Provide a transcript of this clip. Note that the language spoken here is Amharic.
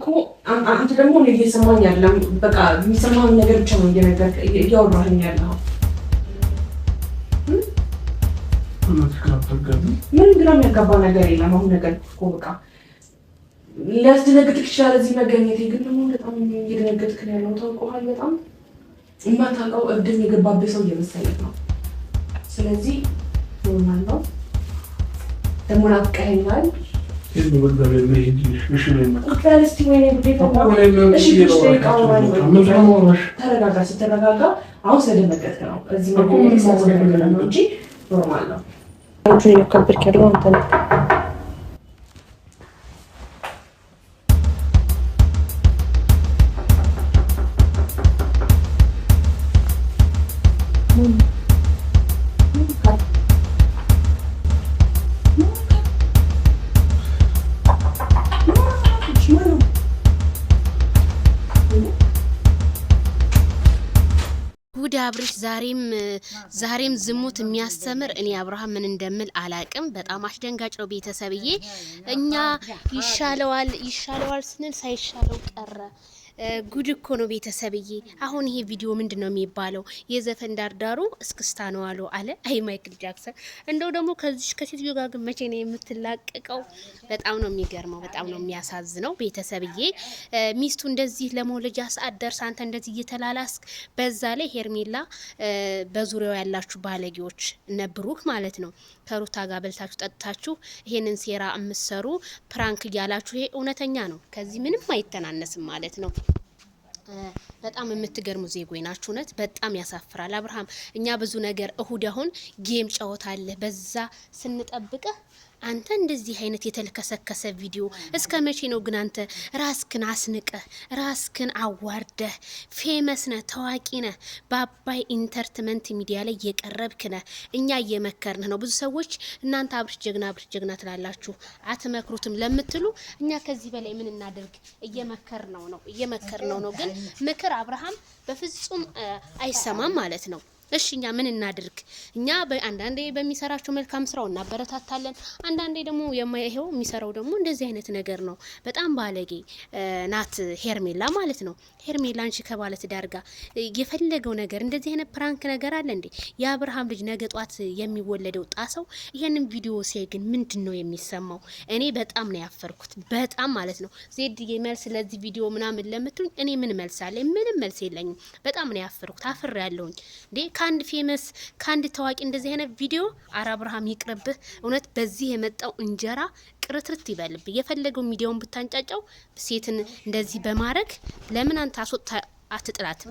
እኮ አንተ ደግሞ እኔ እየሰማኝ ያለ በቃ የሚሰማኝ ነገር ብቻ ነው እየነገር እያወራኝ ያለው ምንም ግራ የሚያጋባ ነገር የለም። አሁን ነገር እኮ በቃ ሊያስደነግጥ ይችላል እዚህ መገኘት ግን ደግሞ በጣም እየደነገጥክ ነው ያለው። ታውቀዋል፣ በጣም የማታውቀው እብድም የገባብህ ሰው እየመሰለህ ነው። ስለዚህ ምናለው ደግሞ ናፍቀኸኛል ተረጋጋ። ስትረጋጋ አሁን ስለደመቀት ነው እዚህ ነው እንጂ ኖርማል ነው። ጉድ አብርሽ ዛሬም ዛሬም ዝሙት የሚያስተምር እኔ አብርሃም ምን እንደምል አላቅም። በጣም አስደንጋጭ ነው ቤተሰብዬ። እኛ ይሻለዋል ይሻለዋል ስንል ሳይሻለው ቀረ። ጉድ እኮ ነው ቤተሰብዬ። አሁን ይሄ ቪዲዮ ምንድን ነው የሚባለው? የዘፈን ዳርዳሩ እስክስታ ነው አሉ አለ። አይ ማይክል ጃክሰን እንደው ደግሞ ከዚህ ከሴትዮ ጋር ግን መቼ ነው የምትላቀቀው? በጣም ነው የሚገርመው፣ በጣም ነው የሚያሳዝነው ቤተሰብዬ። ሚስቱ እንደዚህ ለመውለጃ ሰዓት ደርስ አንተ እንደዚህ እየተላላስክ በዛ ላይ ሄር ሄርሜላ በዙሪያው ያላችሁ ባለጌዎች እነ ብሩክ ማለት ነው ከሩታ ጋር በልታችሁ ጠጥታችሁ ይሄንን ሴራ የምትሰሩ ፕራንክ እያላችሁ ይሄ እውነተኛ ነው። ከዚህ ምንም አይተናነስም ማለት ነው። በጣም የምትገርሙ ዜጎች ናችሁ። እውነት በጣም ያሳፍራል። አብርሃም እኛ ብዙ ነገር እሁድ አሁን ጌም ጨዋታ አለ። በዛ ስንጠብቀ አንተ እንደዚህ አይነት የተልከሰከሰ ቪዲዮ እስከ መቼ ነው ግን? አንተ ራስክን አስንቀህ ራስክን አዋርደህ ፌመስ ነህ፣ ታዋቂ ነህ፣ በአባይ ኢንተርትመንት ሚዲያ ላይ የቀረብክ ነህ። እኛ እየመከርንህ ነው። ብዙ ሰዎች እናንተ አብርሽ ጀግና፣ አብርሽ ጀግና ትላላችሁ አትመክሩትም ለምትሉ እኛ ከዚህ በላይ ምን እናደርግ? እየመከር ነው ነው እየመከር ነው ነው ግን ምክር ምክር አብርሃም በፍጹም አይሰማም ማለት ነው። እሺ እኛ ምን እናድርግ? እኛ አንዳንዴ በሚሰራቸው መልካም ስራው እናበረታታለን። አንዳንዴ ደግሞ የማይሄው የሚሰራው ደግሞ እንደዚህ አይነት ነገር ነው። በጣም ባለጌ ናት ሄርሜላ ማለት ነው። ሄርሜላ አንቺ ከባለ ትዳር የፈለገው ነገር እንደዚህ አይነት ፕራንክ ነገር አለ እንዴ? የአብርሃም ልጅ ነገ ጧት የሚወለደው ጣሰው ይሄንን ቪዲዮ ሲያይ ግን ምንድን ነው የሚሰማው? እኔ በጣም ነው ያፈርኩት። በጣም ማለት ነው ዜድ መልስ ለዚህ ቪዲዮ ምናምን ለምትሉኝ እኔ ምን መልስ አለ? ምንም መልስ የለኝም። በጣም ነው ያፈርኩት። ያለውኝ እንዴ ከአንድ ፌመስ ከአንድ ታዋቂ እንደዚህ አይነት ቪዲዮ አረ አብርሃም ይቅርብህ። እውነት በዚህ የመጣው እንጀራ ቅርትርት ይበልብህ። የፈለገው ሚዲያውን ብታንጫጫው ሴትን እንደዚህ በማድረግ ለምን አንተ አስወጥ አትጥላት?